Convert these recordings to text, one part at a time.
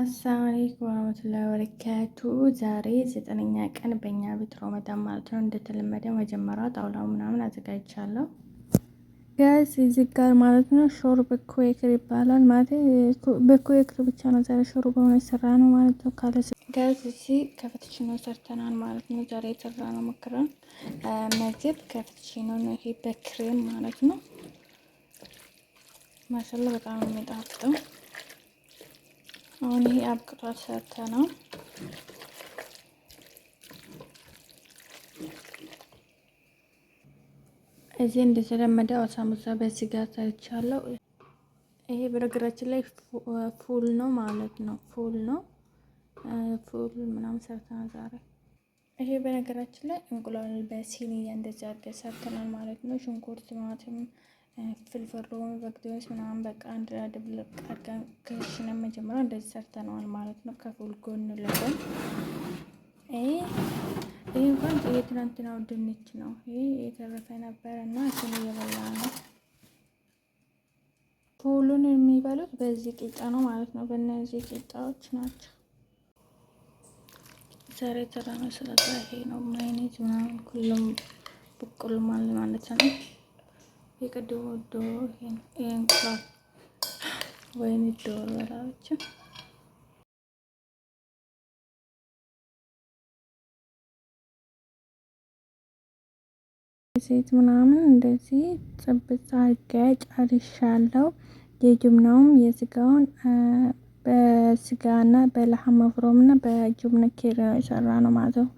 አሰላሙ አለይኩም ወራህመቱላሂ ወበረካቱ። ዛሬ ዘጠነኛ ቀን በእኛ ቤት ሮመዳን ማለት ነው። እንደተለመደ መጀመሪያ ጣውላው ምናምን አዘጋጅቻለሁ ጋይስ፣ እዚህ ጋር ማለት ነው ሾርብ ኩዌክር ይባላል። ማለት በኩዌክር ብቻ ነው ዛሬ ሾርብ ሆኖ የሰራ ነው ማለት ነው። ካለ ጋይስ፣ እዚህ ከፍትሽኖ ሰርተናል ማለት ነው። ዛሬ የሰራ ነው መክረን ምግብ ከፍትሽኖ ነው። ይሄ በክሬም ማለት ነው። ማሻላ በጣም የሚጣፍጠው አሁን ይሄ አብቅቷል። ሰርተ ነው እዚህ እንደተለመደው አሳሙዛ በስጋ ሰርቻለሁ። ይሄ በነገራችን ላይ ፉል ነው ማለት ነው። ፉል ነው ፉል ምናምን ሰርተናል ዛሬ። ይሄ በነገራችን ላይ እንቁላል በሲኒ እንደዚህ አድርገን ሰርተናል ማለት ነው። ሽንኩርት፣ ማለትም ፍልፍል ሮም በግዶስ ምናምን በቃ አንድ ላይ አድርገን ከሽነ መጀመሪያ እንደዚህ ሰርተነዋል ማለት ነው። ከፉል ጎን ለጎን ይሄ እንኳን የትናንትናው ድንች ነው። ይሄ የተረፈ ነበረ እና እሱን እየበላ ነው። ፉሉን የሚበሉት በዚህ ቂጣ ነው ማለት ነው። በእነዚህ ቂጣዎች ናቸው። ዛሬ የተራ ነው። ስለዛ ይሄ ነው ማይኔዝ ምናምን ሁሉም ብቁል ማለት ነው። የቅድሞ ዶሮ ይሄን ክላስ ዶሮ በላዎች ሴት ምናምን እንደዚህ ጽብት አድርጌ ጨርሻለሁ። የጁብናውም የስጋውን በስጋና በለሐም መፍሮምና በጁብና ኬሪ ነው የሰራ ነው ማለት ነው።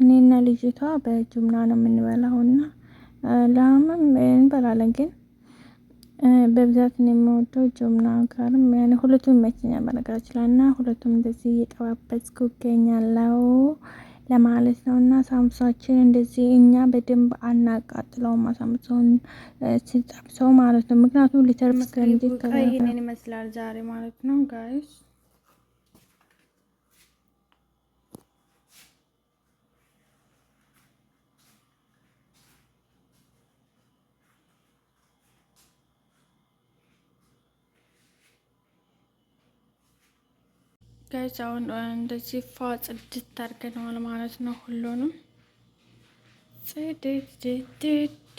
እኔና ልጅቷ በጁብና ነው የምንበላውና ላምም እንበላለን ግን በብዛት ነው የምወደው ጆምና ጋርም ያኔ ሁለቱም ይመቸኛል። በነገራችን ላይ እና ሁለቱም እንደዚህ እየጠባበስኩ እገኛለሁ ለማለት ነው። እና ሳምሳችን እንደዚህ እኛ በደንብ አናቃጥለውም አሳምሳውን ስንጠብሰው ማለት ነው። ምክንያቱም ሊተርፍ ስለሚችል ይህንን ይመስላል ዛሬ ማለት ነው ጋይስ። አሁን እንደዚህ ፏ ጽድት አድርገነዋል ማለት ነው። ሁሉንም ጽድድድድ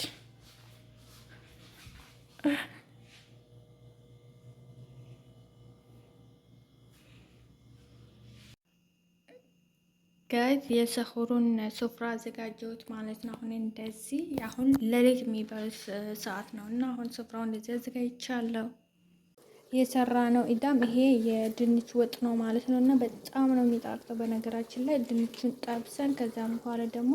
ጋይዝ የሰሁሩን ሱፍራ አዘጋጀሁት ማለት ነው። አሁን እንደዚህ አሁን ለሌት የሚበሉት ሰዓት ነው እና አሁን ሱፍራውን እንደዚህ አዘጋጅቻለሁ። የሰራ ነው ኢዳም። ይሄ የድንች ወጥ ነው ማለት ነው እና በጣም ነው የሚጣፍጠው። በነገራችን ላይ ድንቹን ጠብሰን ከዛም በኋላ ደግሞ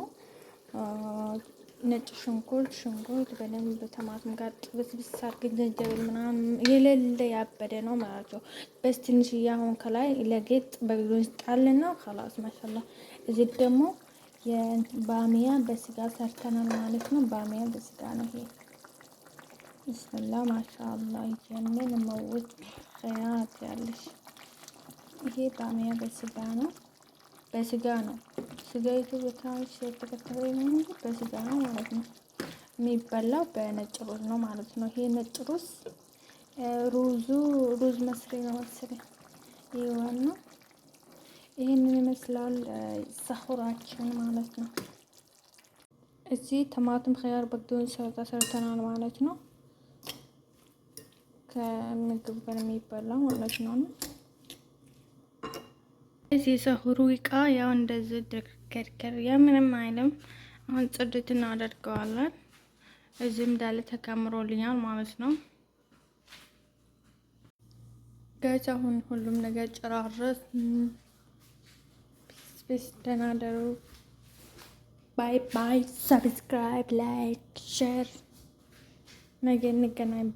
ነጭ ሽንኩርት ሽንኩርት በደንብ በተማትም ጋር ጥብስብስ አድርገን ዝንጅብል ምናምን የሌለ ያበደ ነው ማለት ነው። በስ ትንሽ እያሁን ከላይ ለጌጥ በግሎን ጣል ነው ከላስ ማሻላ። እዚህ ደግሞ ባሚያ በስጋ ሰርተናል ማለት ነው። ባሚያ በስጋ ነው ይሄ ብስምላ ማሻአላ ይጀንን መውት ኸያት ያለሽ ይሄ ጣሚያ በስጋ ነው። በስጋ ነው። ስጋይቱ በታች የተከተለ ነው በስጋ ነው ማለት ነው። የሚበላው በነጭ ሩዝ ነው ማለት ነው። ይሄ ነጭ ሩዝ ሩዙ ሩዝ መስሪ ነው መሰለኝ። ይሄ ዋናው ይህንን ይመስላል ሰሁራችን ማለት ነው። እዚህ ቲማቲም፣ ኸያር፣ በግዶን ሰርተናል ማለት ነው። ከምግብ የሚበላ ማለት ነው። እዚህ ሰሁሩ እቃ ያው እንደዚህ ድርክርከር የምንም አይልም። አሁን ጽድት እናደርገዋለን። እዚህም እንዳለ ተከምሮልኛል ማለት ነው። ገጭ አሁን ሁሉም ነገር ጨራረስ። ፒስ ደህና ባይ ባይ። ሰብስክራይብ፣ ላይክ፣ ሼር ነገ እንገናኝ።